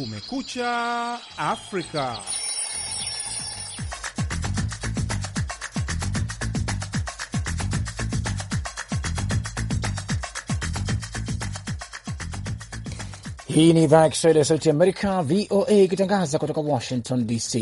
Kumekucha Afrika. Hii ni idhaa ya Kiswahili ya Sauti Amerika, VOA, ikitangaza kutoka Washington DC.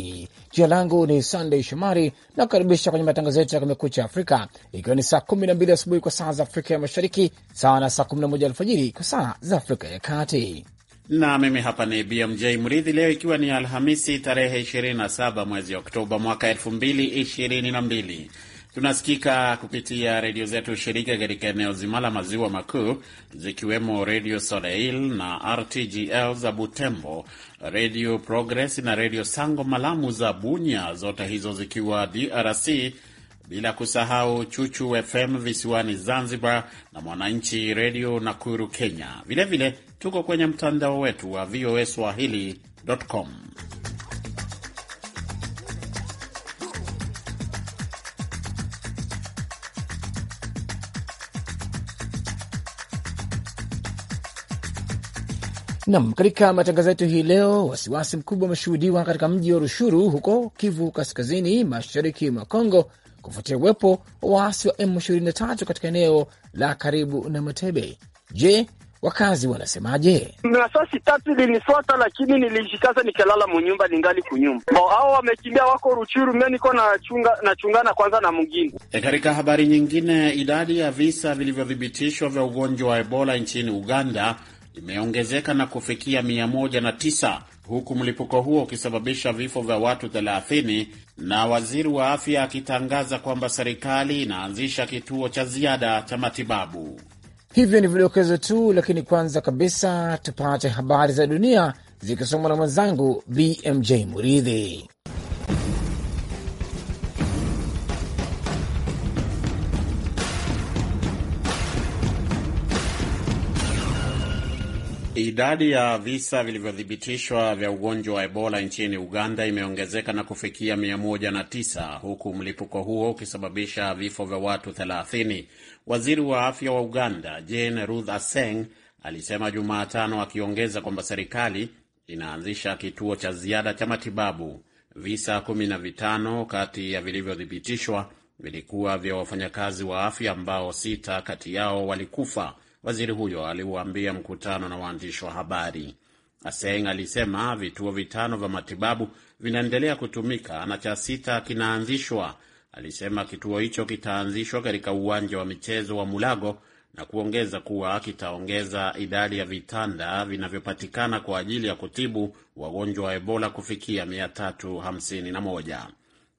Jina langu ni Sandey Shomari na kukaribisha kwenye matangazo yetu ya Kumekucha Afrika, ikiwa ni saa 12 asubuhi kwa saa za Afrika ya Mashariki, sawa na saa 11 alfajiri kwa saa za Afrika ya Kati na mimi hapa ni BMJ Mridhi. Leo ikiwa ni Alhamisi tarehe 27 mwezi Oktoba mwaka 2022 tunasikika kupitia redio zetu shirika katika eneo zima la maziwa makuu zikiwemo redio Soleil na RTGL za Butembo, redio Progress na redio Sango Malamu za Bunya, zote hizo zikiwa DRC bila kusahau Chuchu FM visiwani Zanzibar na Mwananchi Redio Nakuru, Kenya. Vilevile vile, tuko kwenye mtandao wetu wa VOA Swahili.com. Nam, katika matangazo yetu hii leo, wasiwasi mkubwa umeshuhudiwa katika mji wa Rushuru huko Kivu Kaskazini, mashariki mwa Kongo kufuatia uwepo wa waasi wa M23 katika eneo la karibu na Matebe. Je, wakazi wanasemaje? Masasi tatu ilinifuata, lakini nilishikaza nikalala munyumba, ningali kunyumba. Hao wamekimbia wako Ruchuru, mimi niko nachunga nachungana kwanza na mwingine. E, katika habari nyingine, idadi ya visa vilivyothibitishwa vya ugonjwa wa Ebola nchini Uganda imeongezeka na kufikia mia moja na tisa huku mlipuko huo ukisababisha vifo vya watu 30 na waziri wa afya akitangaza kwamba serikali inaanzisha kituo cha ziada cha matibabu. Hivyo ni vidokezo tu, lakini kwanza kabisa tupate habari za dunia zikisomwa na mwenzangu BMJ Muridhi. Idadi ya visa vilivyothibitishwa vya ugonjwa wa Ebola nchini Uganda imeongezeka na kufikia 109 huku mlipuko huo ukisababisha vifo vya watu 30. Waziri wa afya wa Uganda Jane Ruth Aceng alisema Jumatano, akiongeza kwamba serikali inaanzisha kituo cha ziada cha matibabu. Visa 15 kati ya vilivyothibitishwa vilikuwa vya wafanyakazi wa afya ambao sita kati yao walikufa waziri huyo aliuambia mkutano na waandishi wa habari. Aseng alisema vituo vitano vya matibabu vinaendelea kutumika na cha sita kinaanzishwa. Alisema kituo hicho kitaanzishwa katika uwanja wa michezo wa Mulago na kuongeza kuwa kitaongeza idadi ya vitanda vinavyopatikana kwa ajili ya kutibu wagonjwa wa Ebola kufikia 351.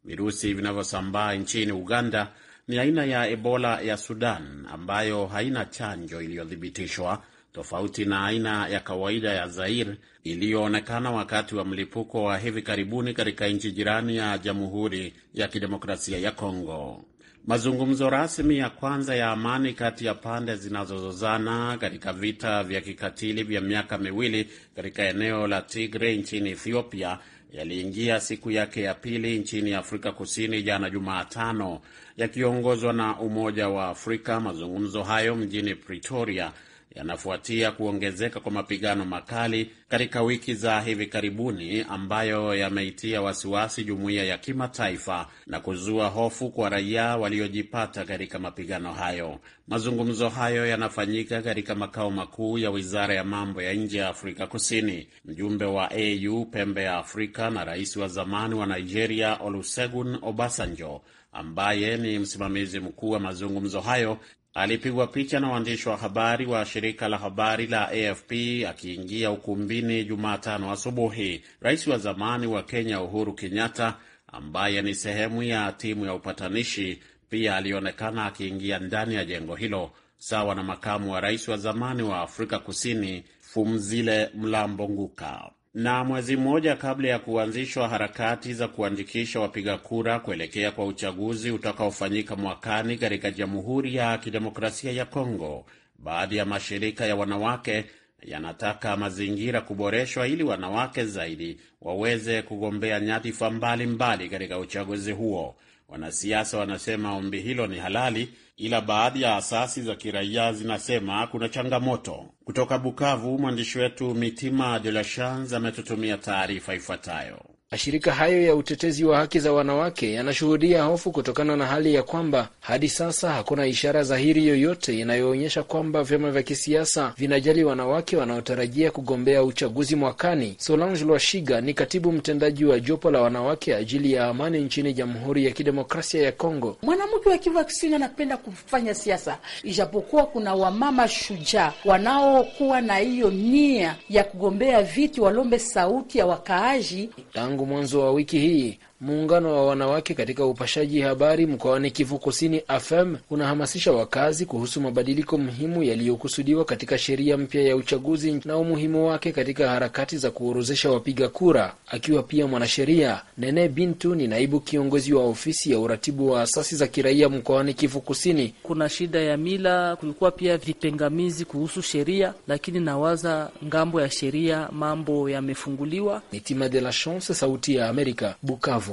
Virusi vinavyosambaa nchini Uganda ni aina ya Ebola ya Sudan ambayo haina chanjo iliyothibitishwa, tofauti na aina ya kawaida ya Zaire iliyoonekana wakati wa mlipuko wa hivi karibuni katika nchi jirani ya Jamhuri ya Kidemokrasia ya Kongo. Mazungumzo rasmi ya kwanza ya amani kati ya pande zinazozozana katika vita vya kikatili vya miaka miwili katika eneo la Tigray nchini Ethiopia yaliingia siku yake ya pili nchini Afrika Kusini jana Jumatano, yakiongozwa na Umoja wa Afrika. Mazungumzo hayo mjini Pretoria yanafuatia kuongezeka kwa mapigano makali katika wiki za hivi karibuni ambayo yameitia wasiwasi jumuiya ya kimataifa na kuzua hofu kwa raia waliojipata katika mapigano hayo. Mazungumzo hayo yanafanyika katika makao makuu ya wizara ya mambo ya nje ya Afrika Kusini. Mjumbe wa AU pembe ya Afrika na rais wa zamani wa Nigeria Olusegun Obasanjo ambaye ni msimamizi mkuu wa mazungumzo hayo Alipigwa picha na waandishi wa habari wa shirika la habari la AFP akiingia ukumbini Jumatano asubuhi. Rais wa zamani wa Kenya Uhuru Kenyatta, ambaye ni sehemu ya timu ya upatanishi, pia alionekana akiingia ndani ya jengo hilo, sawa na makamu wa rais wa zamani wa Afrika Kusini Fumzile Mlambo Nguka. Na mwezi mmoja kabla ya kuanzishwa harakati za kuandikisha wapiga kura kuelekea kwa uchaguzi utakaofanyika mwakani katika Jamhuri ya Kidemokrasia ya Kongo, baadhi ya mashirika ya wanawake yanataka mazingira kuboreshwa ili wanawake zaidi waweze kugombea nyadhifa mbalimbali katika uchaguzi huo. Wanasiasa wanasema ombi hilo ni halali, ila baadhi ya asasi za kiraia zinasema kuna changamoto. Kutoka Bukavu, mwandishi wetu Mitima De La Shans ametutumia taarifa ifuatayo. Mashirika hayo ya utetezi wa haki za wanawake yanashuhudia hofu kutokana na hali ya kwamba hadi sasa hakuna ishara dhahiri yoyote inayoonyesha kwamba vyama vya kisiasa vinajali wanawake wanaotarajia kugombea uchaguzi mwakani. Solange Lwashiga ni katibu mtendaji wa jopo la wanawake ajili ya amani nchini Jamhuri ya Kidemokrasia ya Kongo. Mwanamke wa Kivu Kusini anapenda kufanya siasa, ijapokuwa kuna wamama shujaa wanaokuwa na hiyo nia ya kugombea viti, walombe sauti ya wakaaji Tango mwanzo wa wiki hii Muungano wa wanawake katika upashaji habari mkoani Kivu Kusini, AFEM, unahamasisha wakazi kuhusu mabadiliko muhimu yaliyokusudiwa katika sheria mpya ya uchaguzi na umuhimu wake katika harakati za kuorozesha wapiga kura. Akiwa pia mwanasheria, Nene Bintu ni naibu kiongozi wa ofisi ya uratibu wa asasi za kiraia mkoani Kivu Kusini. Kuna shida ya mila, kulikuwa pia vipengamizi kuhusu sheria, lakini nawaza ngambo ya sheria mambo yamefunguliwa. Nitima de la Chance, Sauti ya Amerika, Bukavu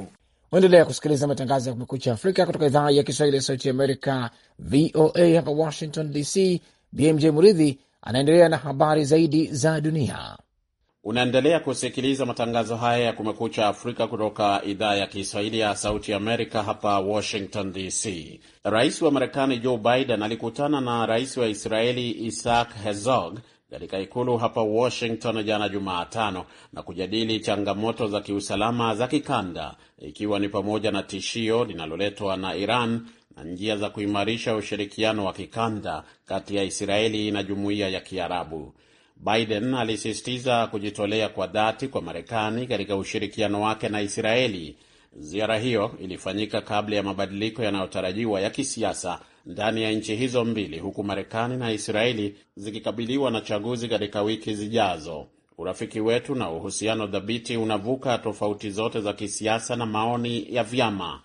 uendelea kusikiliza matangazo ya Kumekucha Afrika kutoka idhaa ya Kiswahili ya Sauti Amerika, VOA hapa Washington DC. BMJ Muridhi anaendelea na habari zaidi za dunia. Unaendelea kusikiliza matangazo haya ya Kumekucha Afrika kutoka idhaa ya Kiswahili ya Sauti Amerika hapa Washington DC. Rais wa Marekani Joe Biden alikutana na rais wa Israeli Isaac Herzog katika ikulu hapa Washington jana Jumatano na kujadili changamoto za kiusalama za kikanda ikiwa ni pamoja na tishio linaloletwa na Iran na njia za kuimarisha ushirikiano wa kikanda kati ya Israeli na jumuiya ya Kiarabu. Biden alisisitiza kujitolea kwa dhati kwa Marekani katika ushirikiano wake na Israeli. Ziara hiyo ilifanyika kabla ya mabadiliko yanayotarajiwa ya kisiasa ndani ya nchi hizo mbili, huku Marekani na Israeli zikikabiliwa na chaguzi katika wiki zijazo. Urafiki wetu na uhusiano dhabiti unavuka tofauti zote za kisiasa na maoni ya vyama,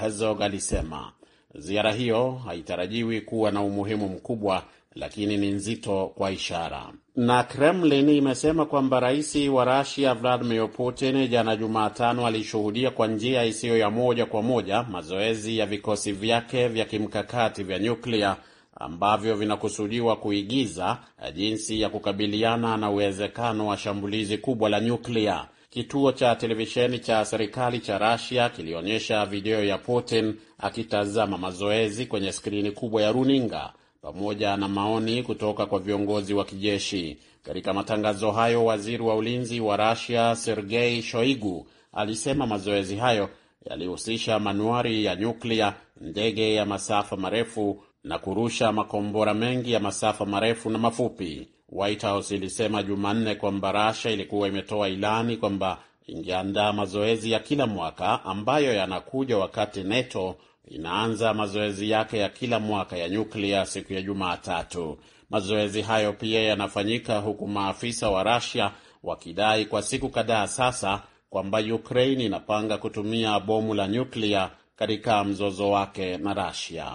Herzog alisema. Ziara hiyo haitarajiwi kuwa na umuhimu mkubwa lakini ni nzito kwa ishara. Na Kremlin imesema kwamba rais wa Rusia Vladimir Putin jana Jumatano alishuhudia kwa njia isiyo ya moja kwa moja mazoezi ya vikosi vyake vya kimkakati vya nyuklia ambavyo vinakusudiwa kuigiza jinsi ya kukabiliana na uwezekano wa shambulizi kubwa la nyuklia. Kituo cha televisheni cha serikali cha Russia kilionyesha video ya Putin akitazama mazoezi kwenye skrini kubwa ya runinga pamoja na maoni kutoka kwa viongozi wa kijeshi. Katika matangazo hayo, waziri wa ulinzi wa rasia Sergei Shoigu alisema mazoezi hayo yalihusisha manuari ya nyuklia, ndege ya masafa marefu na kurusha makombora mengi ya masafa marefu na mafupi. White House ilisema Jumanne kwamba Russia ilikuwa imetoa ilani kwamba ingeandaa mazoezi ya kila mwaka ambayo yanakuja wakati NATO inaanza mazoezi yake ya kila mwaka ya nyuklia siku ya Jumatatu. Mazoezi hayo pia yanafanyika huku maafisa wa Russia wakidai kwa siku kadhaa sasa kwamba Ukraine inapanga kutumia bomu la nyuklia katika mzozo wake na Russia.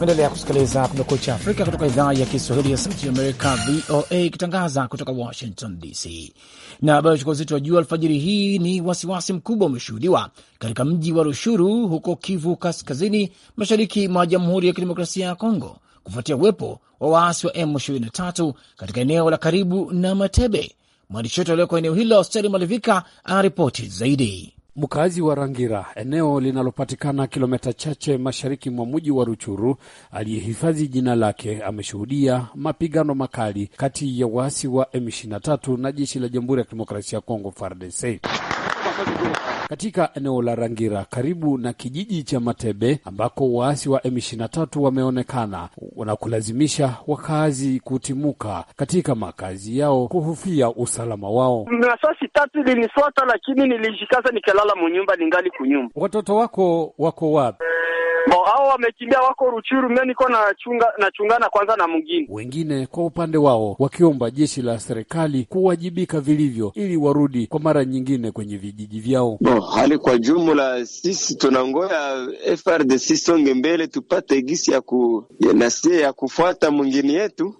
naendelea kusikiliza Kumekucha Afrika kutoka idhaa ya Kiswahili ya Sauti ya Amerika, VOA, ikitangaza kutoka Washington DC. Na habari ya chukua uzito wa juu alfajiri hii ni wasiwasi mkubwa umeshuhudiwa katika mji wa Rushuru huko Kivu Kaskazini, mashariki mwa Jamhuri ya Kidemokrasia ya Kongo, kufuatia uwepo wa waasi wa M23 katika eneo la karibu na Matebe. Mwandishi wetu aliyoko eneo hilo, Steri Malivika, anaripoti zaidi. Mkazi wa Rangira, eneo linalopatikana kilomita chache mashariki mwa mji wa Ruchuru, aliyehifadhi jina lake, ameshuhudia mapigano makali kati ya waasi wa M23 na jeshi la Jamhuri ya Kidemokrasia ya Kongo, FARDC katika eneo la Rangira karibu na kijiji cha Matebe ambako waasi wa M23 wameonekana kulazimisha wakazi kutimuka katika makazi yao kuhofia usalama wao. Masasi tatu ilinifuata, lakini nilijikaza nikalala munyumba, ningali kunyumba. Watoto wako wako wapi? Bo, hao wamekimbia wako Ruchuru, mimi niko na chunga na chungana kwanza na mwingine. Wengine kwa upande wao wakiomba jeshi la serikali kuwajibika vilivyo ili warudi kwa mara nyingine kwenye vijiji vyao. Bo, hali kwa jumla sisi tunangoya FRDC songe mbele tupate gisi ya ku ya nasie ya kufuata mwingine yetu.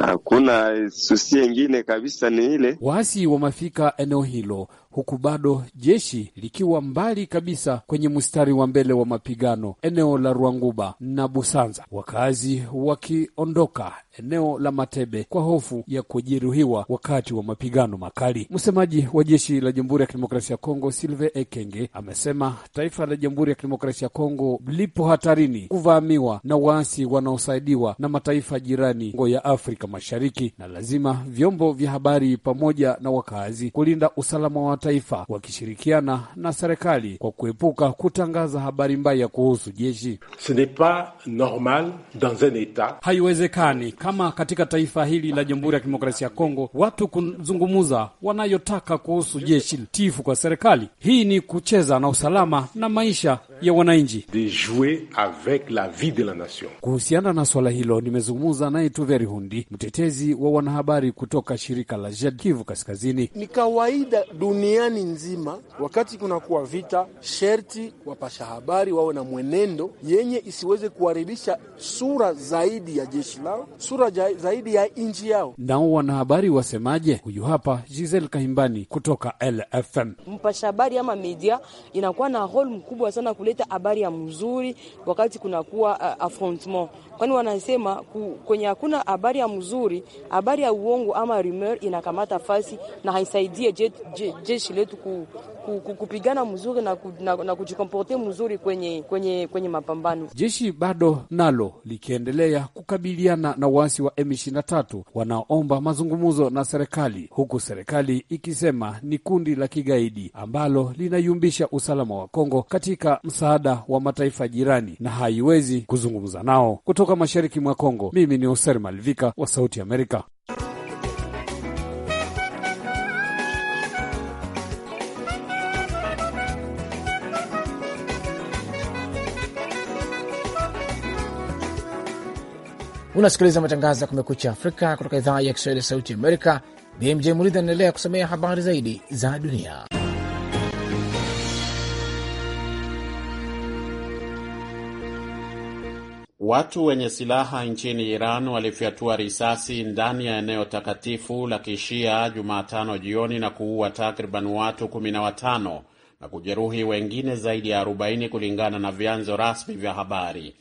Hakuna susi nyingine kabisa ni ile. Waasi wamefika eneo hilo huku bado jeshi likiwa mbali kabisa kwenye mstari wa mbele wa mapigano eneo la Rwanguba na Busanza, wakazi wakiondoka eneo la Matebe kwa hofu ya kujeruhiwa wakati wa mapigano makali. Msemaji wa jeshi la Jamhuri ya Kidemokrasia ya Kongo Silve Ekenge amesema taifa la Jamhuri ya Kidemokrasia ya Kongo lipo hatarini kuvamiwa na waasi wanaosaidiwa na mataifa jirani ya Afrika Mashariki, na lazima vyombo vya habari pamoja na wakazi kulinda usalama wa kimataifa wakishirikiana na serikali kwa kuepuka kutangaza habari mbaya kuhusu jeshi. Ce n'est pas normal dans un haiwezekani kama katika taifa hili la Jamhuri ya Kidemokrasia ya Kongo watu kuzungumza wanayotaka kuhusu jeshi tifu kwa serikali. Hii ni kucheza na usalama na maisha ya wananchi, de jouer avec la vie de la nation. Kuhusiana na swala hilo nimezungumza naye Tuveri Hundi, mtetezi wa wanahabari kutoka shirika la JED Kivu Kaskazini. Ni kawaida dunia duniani nzima, wakati kunakuwa vita, sherti wapasha habari wawe na mwenendo yenye isiweze kuharibisha sura zaidi ya jeshi lao, sura zaidi ya nchi yao. Nao wanahabari wasemaje? Huyu hapa Giselle Kahimbani kutoka LFM. Mpasha habari ama media inakuwa na role mkubwa sana kuleta habari ya mzuri wakati kunakuwa uh, affrontement, kwani wanasema ku, kwenye hakuna habari ya mzuri, habari ya uongo ama rumeur inakamata fasi na haisaidie jeshi jeshi letu ku, ku, ku, kupigana mzuri na, ku, na, na kujikomporte mzuri kwenye, kwenye, kwenye mapambano. Jeshi bado nalo likiendelea kukabiliana na waasi wa M23 wanaoomba mazungumzo na serikali, huku serikali ikisema ni kundi la kigaidi ambalo linayumbisha usalama wa Kongo katika msaada wa mataifa jirani na haiwezi kuzungumza nao kutoka mashariki mwa Kongo. Mimi ni Hoser Malivika wa Sauti Amerika. Unasikiliza matangazo ya Kumekucha Afrika kutoka idhaa ya Kiswahili ya Sauti Amerika. BMJ Muridhi anaendelea kusomea habari zaidi za dunia. Watu wenye silaha nchini Iran walifyatua risasi ndani ya eneo takatifu la Kishia Jumatano jioni na kuua takriban watu 15 na kujeruhi wengine zaidi ya 40 kulingana na vyanzo rasmi vya habari.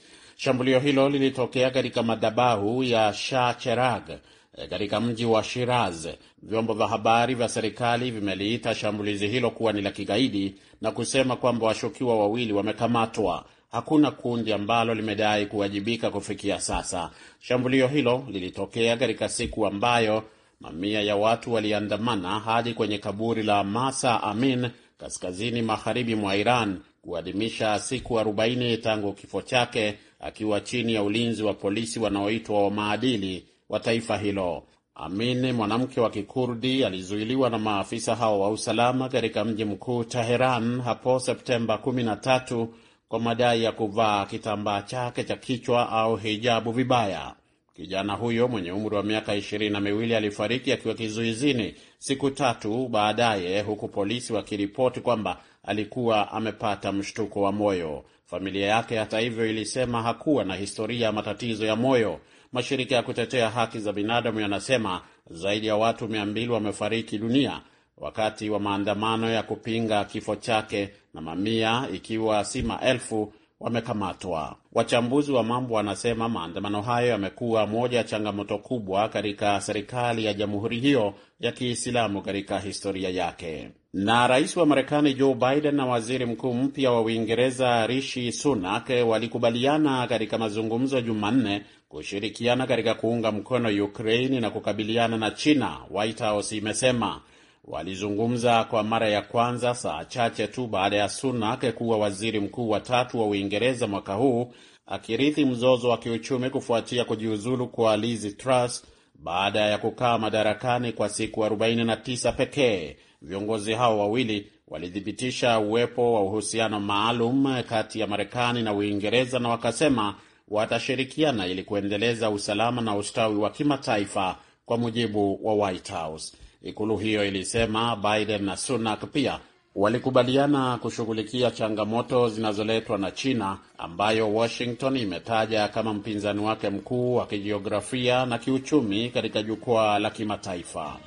Shambulio hilo lilitokea katika madhabahu ya Shah Cheragh eh, katika mji wa Shiraz. Vyombo vya habari vya serikali vimeliita shambulizi hilo kuwa ni la kigaidi na kusema kwamba washukiwa wawili wamekamatwa. Hakuna kundi ambalo limedai kuwajibika kufikia sasa. Shambulio hilo lilitokea katika siku ambayo mamia ya watu waliandamana hadi kwenye kaburi la Masa Amin kaskazini magharibi mwa Iran kuadhimisha siku 40 tangu kifo chake akiwa chini ya ulinzi wa polisi wanaoitwa wa maadili wa taifa hilo. Amin, mwanamke wa Kikurdi, alizuiliwa na maafisa hao wa usalama katika mji mkuu Teheran hapo Septemba 13 kwa madai ya kuvaa kitambaa chake cha kichwa au hijabu vibaya. Kijana huyo mwenye umri wa miaka ishirini na miwili alifariki akiwa kizuizini siku tatu baadaye, huku polisi wakiripoti kwamba alikuwa amepata mshtuko wa moyo. Familia yake hata hivyo ilisema hakuwa na historia ya matatizo ya moyo. Mashirika ya kutetea haki za binadamu yanasema zaidi ya watu 200 wamefariki dunia wakati wa maandamano ya kupinga kifo chake na mamia, ikiwa si maelfu, wamekamatwa. Wachambuzi wa mambo wanasema maandamano hayo yamekuwa moja ya changamoto kubwa katika serikali ya jamhuri hiyo ya Kiislamu katika historia yake. Na rais wa Marekani Joe Biden na waziri mkuu mpya wa Uingereza Rishi Sunak walikubaliana katika mazungumzo Jumanne kushirikiana katika kuunga mkono Ukraini na kukabiliana na China, White House imesema. Walizungumza kwa mara ya kwanza saa chache tu baada ya Sunak kuwa waziri mkuu wa tatu wa Uingereza mwaka huu, akirithi mzozo wa kiuchumi kufuatia kujiuzulu kwa Liz Truss baada ya kukaa madarakani kwa siku 49 pekee. Viongozi hao wawili walithibitisha uwepo wa uhusiano maalum kati ya Marekani na Uingereza na wakasema watashirikiana ili kuendeleza usalama na ustawi wa kimataifa, kwa mujibu wa White House. Ikulu hiyo ilisema Biden na Sunak pia walikubaliana kushughulikia changamoto zinazoletwa na China ambayo Washington imetaja kama mpinzani wake mkuu wa kijiografia na kiuchumi katika jukwaa la kimataifa.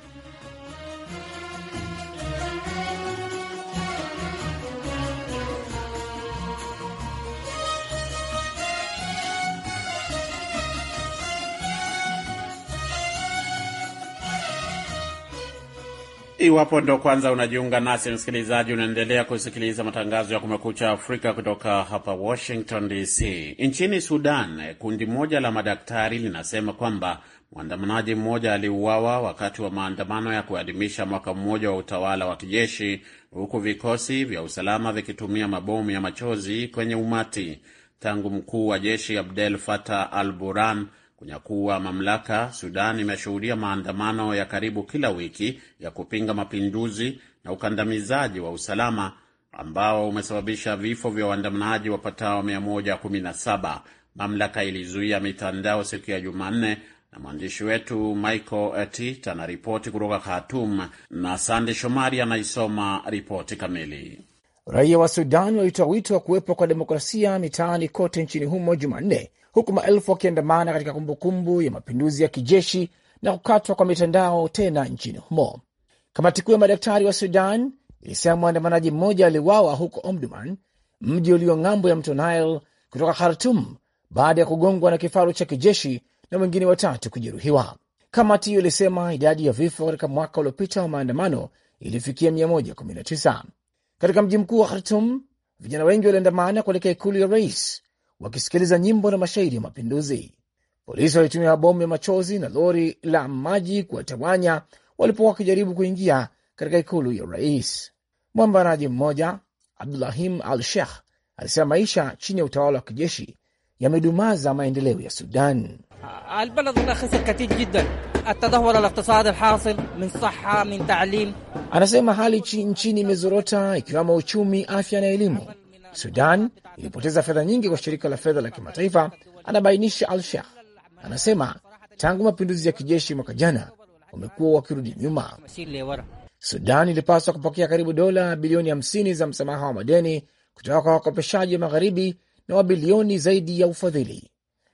Iwapo ndo kwanza unajiunga nasi msikilizaji, unaendelea kusikiliza matangazo ya Kumekucha Afrika kutoka hapa Washington DC. Nchini Sudan, kundi moja la madaktari linasema kwamba mwandamanaji mmoja aliuawa wakati wa maandamano ya kuadhimisha mwaka mmoja wa utawala wa kijeshi, huku vikosi vya usalama vikitumia mabomu ya machozi kwenye umati. Tangu mkuu wa jeshi Abdel Fattah al-Burhan kunyakua mamlaka, Sudan imeshuhudia maandamano ya karibu kila wiki ya kupinga mapinduzi na ukandamizaji wa usalama ambao umesababisha vifo vya waandamanaji wapatao 117. Mamlaka ilizuia mitandao siku ya Jumanne, na mwandishi wetu Michael Etit anaripoti kutoka Khartoum na Sande Shomari anaisoma ripoti kamili. Raia wa Sudan walitoa wito wa kuwepo kwa demokrasia mitaani kote nchini humo Jumanne, huku maelfu wakiandamana katika kumbukumbu ya mapinduzi ya kijeshi na kukatwa kwa mitandao tena nchini humo. Kamati kuu ya madaktari wa Sudan ilisema mwandamanaji mmoja aliwawa huko Omdurman, mji ulio ng'ambo ya mto Nile, kutoka Khartum baada ya kugongwa na kifaru cha kijeshi na wengine watatu kujeruhiwa. Kamati hiyo ilisema idadi ya vifo katika mwaka uliopita wa maandamano ilifikia 119. Katika mji mkuu wa Khartum, vijana wengi waliandamana kuelekea ikulu ya rais wakisikiliza nyimbo na mashairi ya mapinduzi. Polisi walitumia mabomu ya machozi na lori la maji kuwatawanya walipokuwa wakijaribu kuingia katika ikulu ya rais. Mwambanaji mmoja Abdulahim al shekh alisema maisha chini ya utawala wa kijeshi yamedumaza maendeleo ya Sudan. البلد والله خسر كثير جدا التدهور الاقتصادي الحاصل من صحة من تعليم. Anasema hali nchini imezorota ikiwemo uchumi, afya na elimu. Sudan ilipoteza fedha nyingi kwa shirika la fedha la kimataifa, anabainisha Al-Sheikh. Anasema tangu mapinduzi ya kijeshi mwaka jana wamekuwa wakirudi nyuma. Sudan ilipaswa kupokea karibu dola bilioni 50 za msamaha wa madeni kutoka kwa wakopeshaji wa magharibi na wa zaidi ya ufadhili,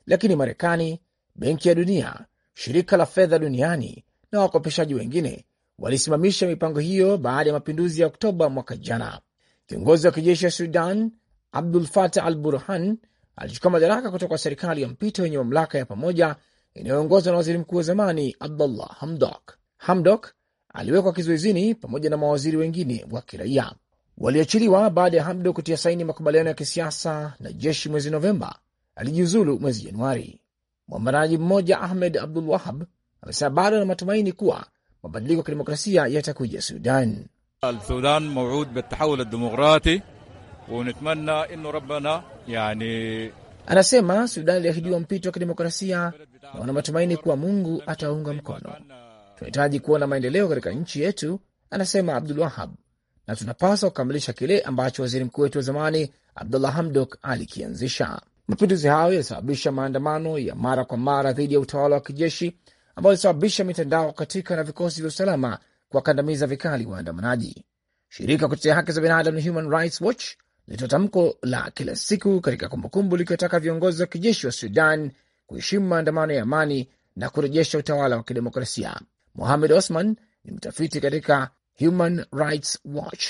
lakini Marekani Benki ya Dunia, shirika la fedha duniani na wakopeshaji wengine walisimamisha mipango hiyo baada ya mapinduzi ya Oktoba mwaka jana. Kiongozi wa kijeshi ya Sudan Abdul Fatah al Burhan alichukua madaraka kutoka serikali ya mpito yenye mamlaka ya pamoja inayoongozwa na waziri mkuu wa zamani Abdullah Hamdok. Hamdok aliwekwa kizuizini pamoja na mawaziri wengine wa kiraia waliachiliwa baada ya Hamdok kutia saini makubaliano ya kisiasa na jeshi mwezi Novemba. Alijiuzulu mwezi Januari. Mwambanaji mmoja Ahmed Abdul Wahab amesema bado na matumaini kuwa mabadiliko ya kidemokrasia yatakuja Sudan. Sudan mauud bitahawul ldemokrati wanatmana inu rabbana yani... Anasema Sudan iliahidiwa mpito wa kidemokrasia na wana matumaini kuwa Mungu ataunga mkono. Tunahitaji kuona maendeleo katika nchi yetu, anasema Abdul Wahab, na tunapaswa kukamilisha kile ambacho waziri mkuu wetu wa zamani Abdullah Hamdok alikianzisha. Mapinduzi hayo yalisababisha maandamano ya mara kwa mara dhidi ya utawala wa kijeshi ambayo ilisababisha mitandao katika na vikosi vya usalama kuwakandamiza vikali waandamanaji. Shirika kutetea haki za binadamu na Human Rights Watch lilitoa tamko la kila siku katika kumbukumbu likiwataka viongozi wa kijeshi wa Sudan kuheshimu maandamano ya amani na kurejesha utawala wa kidemokrasia. Mohamed Osman ni mtafiti katika Human Rights Watch,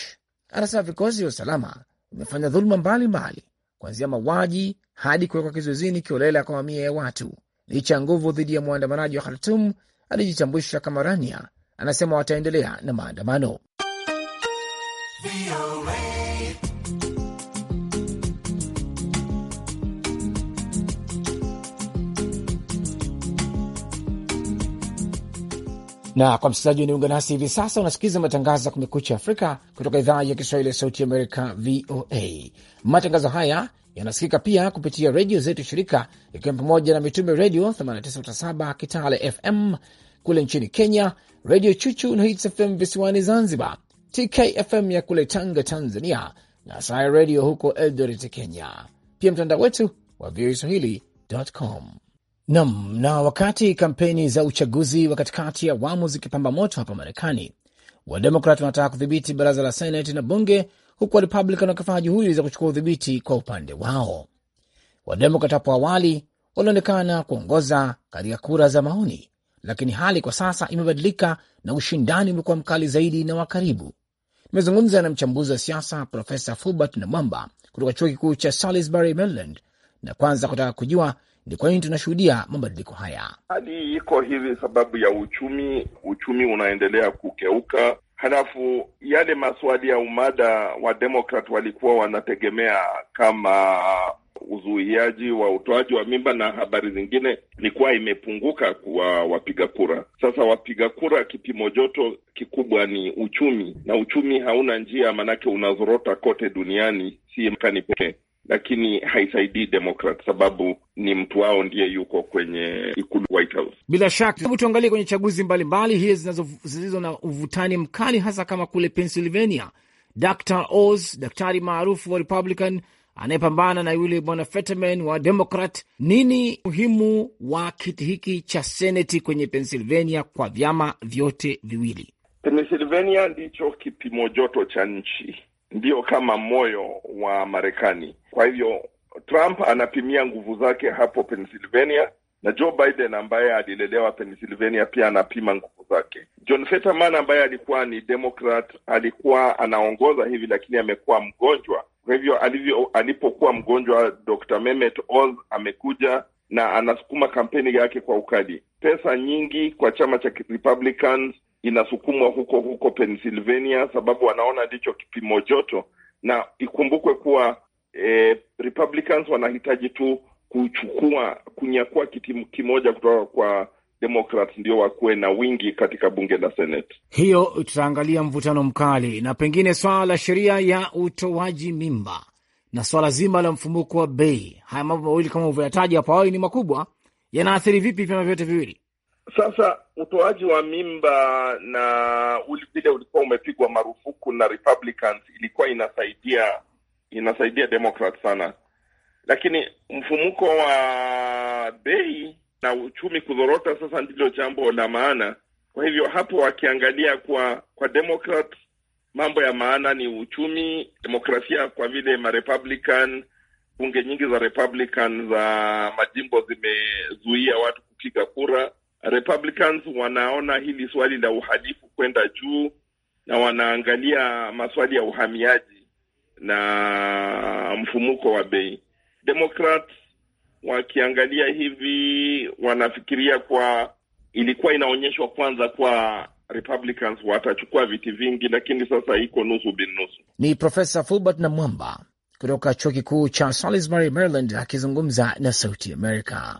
anasema vikosi vya usalama vimefanya dhuluma mbalimbali kuanzia mauaji hadi kuwekwa kizuizini kiolela kwa mamia ya watu licha ya nguvu dhidi ya mwandamanaji wa Khartum alijitambulisha kama Rania. Anasema wataendelea na maandamano. na kwa msikilizaji unaunga nasi hivi sasa, unasikiliza matangazo ya Kumekucha Afrika kutoka idhaa ya Kiswahili ya Sauti Amerika, VOA. Matangazo haya yanasikika pia kupitia redio zetu shirika, ikiwa pamoja na Mitume Redio 89.7 Kitale FM kule nchini Kenya, Redio Chuchu na Hits FM visiwani Zanzibar, TKFM ya kule Tanga, Tanzania, na Saya Redio huko Eldoret, Kenya, pia mtandao wetu wa swahilicom Nam. Na wakati kampeni za uchaguzi wa katikati ya awamu zikipamba moto hapa Marekani, Wademokrat wanataka kudhibiti baraza la Senate na bunge, huku Warepublican wakifanya juhudi za kuchukua udhibiti kwa upande wao. Wademokrat hapo awali walionekana kuongoza katika kura za maoni, lakini hali kwa sasa imebadilika na ushindani umekuwa mkali zaidi na wa karibu. Nimezungumza na mchambuzi wa siasa Profesa Fulbert Namwamba kutoka chuo kikuu cha Salisbury, Maryland, na kwanza kutaka kujua ni kwa nini tunashuhudia mabadiliko haya? Hali iko hivi sababu ya uchumi, uchumi unaendelea kukeuka. Halafu yale maswali ya umada wa Demokrat walikuwa wanategemea kama uzuiaji wa utoaji wa mimba na habari zingine ilikuwa imepunguka kwa wapiga kura. Sasa wapiga kura, kipimo joto kikubwa ni uchumi, na uchumi hauna njia, maanake unazorota kote duniani, si Marekani pekee lakini haisaidii Demokrat sababu ni mtu wao ndiye yuko kwenye ikulu White House. Bila shaka, hebu tuangalie kwenye chaguzi mbalimbali hizi zilizo na uvutani mkali, hasa kama kule Pennsylvania, Dr Oz, daktari maarufu wa Republican anayepambana na yule bwana Fetterman wa demokrat Nini muhimu wa kiti hiki cha seneti kwenye Pennsylvania kwa vyama vyote viwili? Pennsylvania ndicho kipimo joto cha nchi ndio kama moyo wa Marekani. Kwa hivyo Trump anapimia nguvu zake hapo Pennsylvania na Joe Biden ambaye alilelewa Pennsylvania pia anapima nguvu zake. John Fetterman ambaye alikuwa ni Democrat alikuwa anaongoza hivi, lakini amekuwa mgonjwa. Kwa hivyo alivyo, alipokuwa mgonjwa, Dr. Mehmet Oz amekuja na anasukuma kampeni yake kwa ukali, pesa nyingi kwa chama cha Republicans inasukumwa huko huko Pennsylvania, sababu wanaona ndicho kipimo joto, na ikumbukwe kuwa eh, Republicans wanahitaji tu kuchukua kunyakua kiti kimoja kutoka kwa demokrat ndio wakuwe na wingi katika bunge la Senate. Hiyo tutaangalia mvutano mkali, na pengine swala la sheria ya utoaji mimba na swala zima la mfumuko wa bei. Haya mambo mawili kama ulivyoyataja hapo awali ni makubwa, yanaathiri vipi vyama vyote viwili? Sasa utoaji wa mimba na vile ulikuwa umepigwa marufuku na Republicans, ilikuwa inasaidia inasaidia Democrat sana, lakini mfumuko wa bei na uchumi kudhorota sasa ndilo jambo la maana. Kwa hivyo hapo wakiangalia kwa kwa Democrat, mambo ya maana ni uchumi, demokrasia, kwa vile marepublican bunge nyingi za Republican za majimbo zimezuia watu kupiga kura Republicans wanaona hili swali la uhalifu kwenda juu na wanaangalia maswali ya uhamiaji na mfumuko wa bei. Democrats wakiangalia hivi wanafikiria kwa ilikuwa inaonyeshwa kwanza kwa Republicans watachukua viti vingi, lakini sasa iko nusu bin nusu. Ni Profesa Fulbert na Mwamba kutoka chuo kikuu cha Salisbury, Maryland, akizungumza na Sauti Amerika.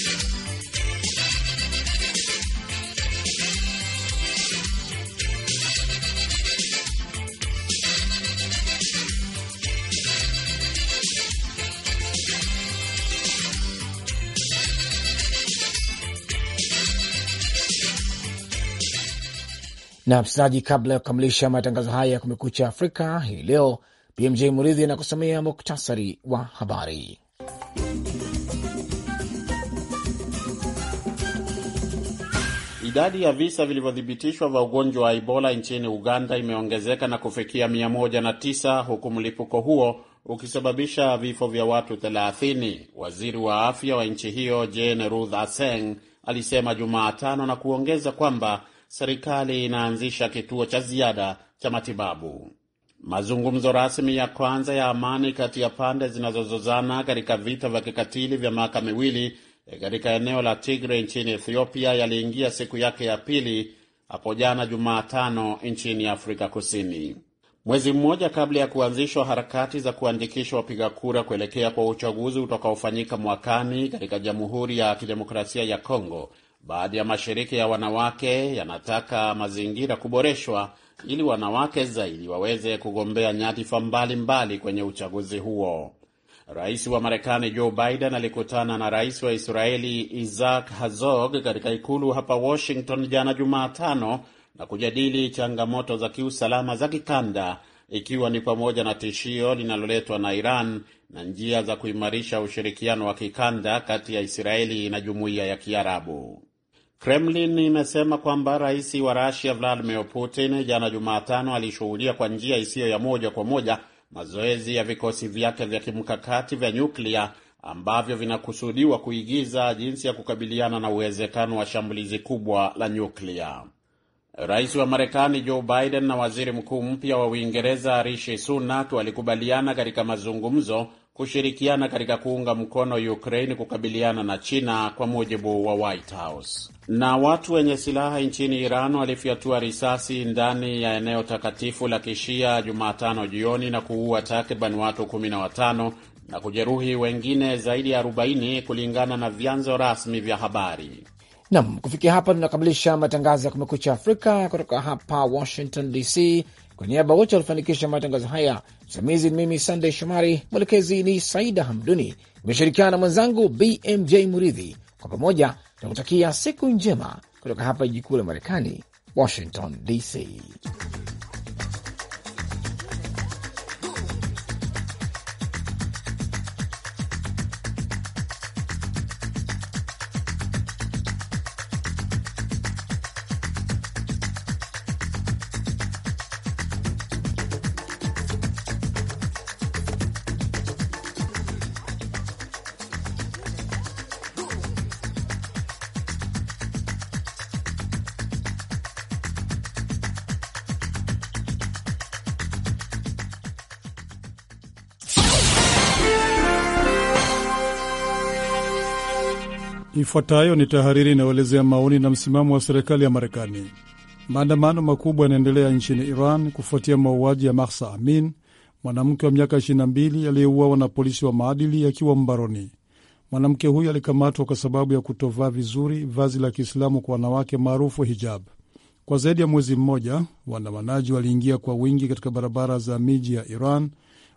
na msikilizaji, kabla ya kukamilisha matangazo haya ya Kumekucha Afrika hii leo, BMJ Muridhi anakusomea muktasari wa habari. Idadi ya visa vilivyothibitishwa vya ugonjwa wa Ebola nchini Uganda imeongezeka na kufikia 109 huku mlipuko huo ukisababisha vifo vya watu 30. Waziri wa afya wa nchi hiyo Jane Ruth aseng alisema Jumatano na kuongeza kwamba serikali inaanzisha kituo cha ziada cha matibabu. Mazungumzo rasmi ya kwanza ya amani kati ya pande zinazozozana katika vita vya kikatili vya miaka miwili eh, katika eneo la tigre nchini Ethiopia yaliingia siku yake ya pili hapo jana Jumatano nchini Afrika Kusini. Mwezi mmoja kabla ya kuanzishwa harakati za kuandikisha wapiga kura kuelekea kwa uchaguzi utakaofanyika mwakani katika Jamhuri ya Kidemokrasia ya Kongo, Baadhi ya mashirika ya wanawake yanataka mazingira kuboreshwa ili wanawake zaidi waweze kugombea nyadhifa mbalimbali kwenye uchaguzi huo. Rais wa Marekani Joe Biden alikutana na rais wa Israeli Isaac Herzog katika ikulu hapa Washington jana Jumatano na kujadili changamoto za kiusalama za kikanda ikiwa ni pamoja na tishio linaloletwa na Iran na njia za kuimarisha ushirikiano wa kikanda kati ya Israeli na jumuiya ya Kiarabu. Kremlin imesema kwamba rais wa Rusia Vladimir Putin jana Jumatano alishuhudia kwa njia isiyo ya moja kwa moja mazoezi ya vikosi vyake vya kimkakati vya nyuklia ambavyo vinakusudiwa kuigiza jinsi ya kukabiliana na uwezekano wa shambulizi kubwa la nyuklia. Rais wa Marekani Joe Biden na waziri mkuu mpya wa Uingereza Rishi Sunak walikubaliana katika mazungumzo kushirikiana katika kuunga mkono Ukraine kukabiliana na China kwa mujibu wa White House. Na watu wenye silaha nchini Iran walifyatua risasi ndani ya eneo takatifu la Kishia Jumatano jioni na kuua takriban watu 15 na kujeruhi wengine zaidi ya 40 kulingana na vyanzo rasmi vya habari. Nam, kufikia hapa tunakamilisha matangazo ya Kumekucha Afrika kutoka hapa Washington DC. Kwa niaba wote walifanikisha matangazo haya, msimamizi ni mimi Sandey Shomari, mwelekezi ni Saida Hamduni, imeshirikiana na mwenzangu BMJ Muridhi. Kwa pamoja tunakutakia siku njema kutoka hapa jiji kuu la Marekani, Washington DC. Ifuatayo ni tahariri inayoelezea maoni na msimamo wa serikali ya Marekani. Maandamano makubwa yanaendelea nchini Iran kufuatia mauaji ya Mahsa Amin, mwanamke wa miaka 22 aliyeuawa na polisi wa maadili akiwa mbaroni. Mwanamke huyo alikamatwa kwa sababu ya kutovaa vizuri vazi la Kiislamu kwa wanawake maarufu hijab. Kwa zaidi ya mwezi mmoja, waandamanaji waliingia kwa wingi katika barabara za miji ya Iran,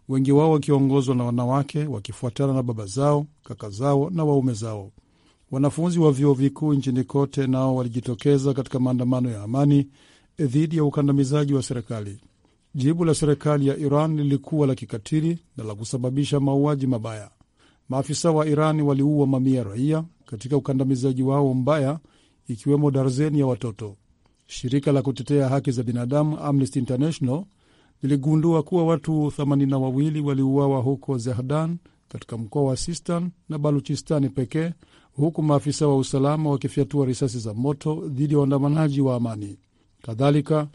wengi wao wakiongozwa na wanawake wakifuatana na baba zao, kaka zao na waume zao. Wanafunzi wa vyuo vikuu nchini kote nao walijitokeza katika maandamano ya amani eh, dhidi ya ukandamizaji wa serikali. Jibu la serikali ya Iran lilikuwa la kikatili na la kusababisha mauaji mabaya. Maafisa wa Iran waliua mamia ya raia katika ukandamizaji wao mbaya, ikiwemo darzeni ya watoto. Shirika la kutetea haki za binadamu Amnesty International liligundua kuwa watu 82 waliuawa huko Zehdan katika mkoa wa Sistan na Baluchistani pekee huku maafisa wa usalama wakifyatua risasi za moto dhidi ya waandamanaji wa amani. Kadhalika,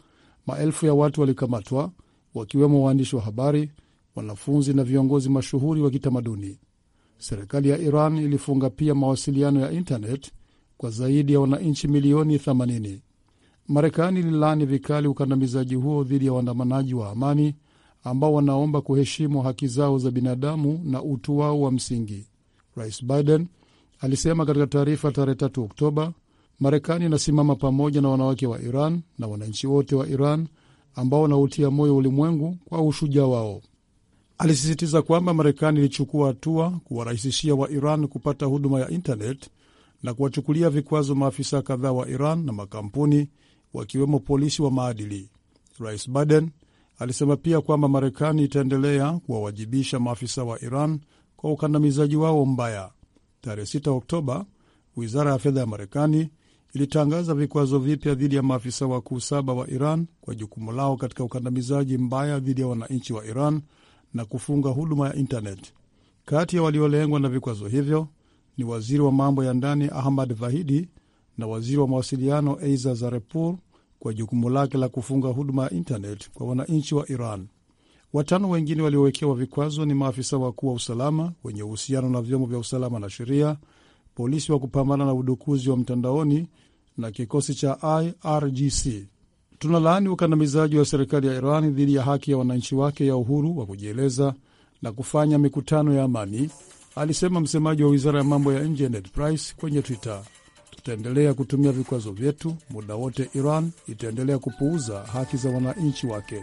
maelfu ya watu walikamatwa, wakiwemo waandishi wa habari, wanafunzi na viongozi mashuhuri wa kitamaduni. Serikali ya Iran ilifunga pia mawasiliano ya intanet kwa zaidi ya wananchi milioni 80. Marekani ililaani vikali ukandamizaji huo dhidi ya waandamanaji wa amani ambao wanaomba kuheshimu haki zao za binadamu na utu wao wa msingi. Rais Biden alisema katika taarifa tarehe 3 Oktoba, Marekani inasimama pamoja na wanawake wa Iran na wananchi wote wa Iran ambao wanautia moyo ulimwengu kwa ushujaa wao. Alisisitiza kwamba Marekani ilichukua hatua kuwarahisishia wa Iran kupata huduma ya intanet na kuwachukulia vikwazo maafisa kadhaa wa Iran na makampuni wakiwemo polisi wa maadili. Rais Biden alisema pia kwamba Marekani itaendelea kuwawajibisha maafisa wa Iran kwa ukandamizaji wao mbaya. Tarehe 6 Oktoba, wizara ya fedha ya Marekani ilitangaza vikwazo vipya dhidi ya maafisa wakuu saba wa Iran kwa jukumu lao katika ukandamizaji mbaya dhidi ya wananchi wa Iran na kufunga huduma ya intanet. Kati ya waliolengwa na vikwazo hivyo ni waziri wa mambo ya ndani Ahmad Vahidi na waziri wa mawasiliano Eiza Zarepur kwa jukumu lake la kufunga huduma ya intanet kwa wananchi wa Iran. Watano wengine waliowekewa vikwazo ni maafisa wakuu wa usalama wenye uhusiano na vyombo vya usalama na sheria, polisi wa kupambana na udukuzi wa mtandaoni na kikosi cha IRGC. Tunalaani ukandamizaji wa serikali ya Iran dhidi ya haki ya wananchi wake ya uhuru wa kujieleza na kufanya mikutano ya amani, alisema msemaji wa wizara ya mambo ya nje Ned Price kwenye Twitter. Tutaendelea kutumia vikwazo vyetu muda wote. Iran itaendelea kupuuza haki za wananchi wake.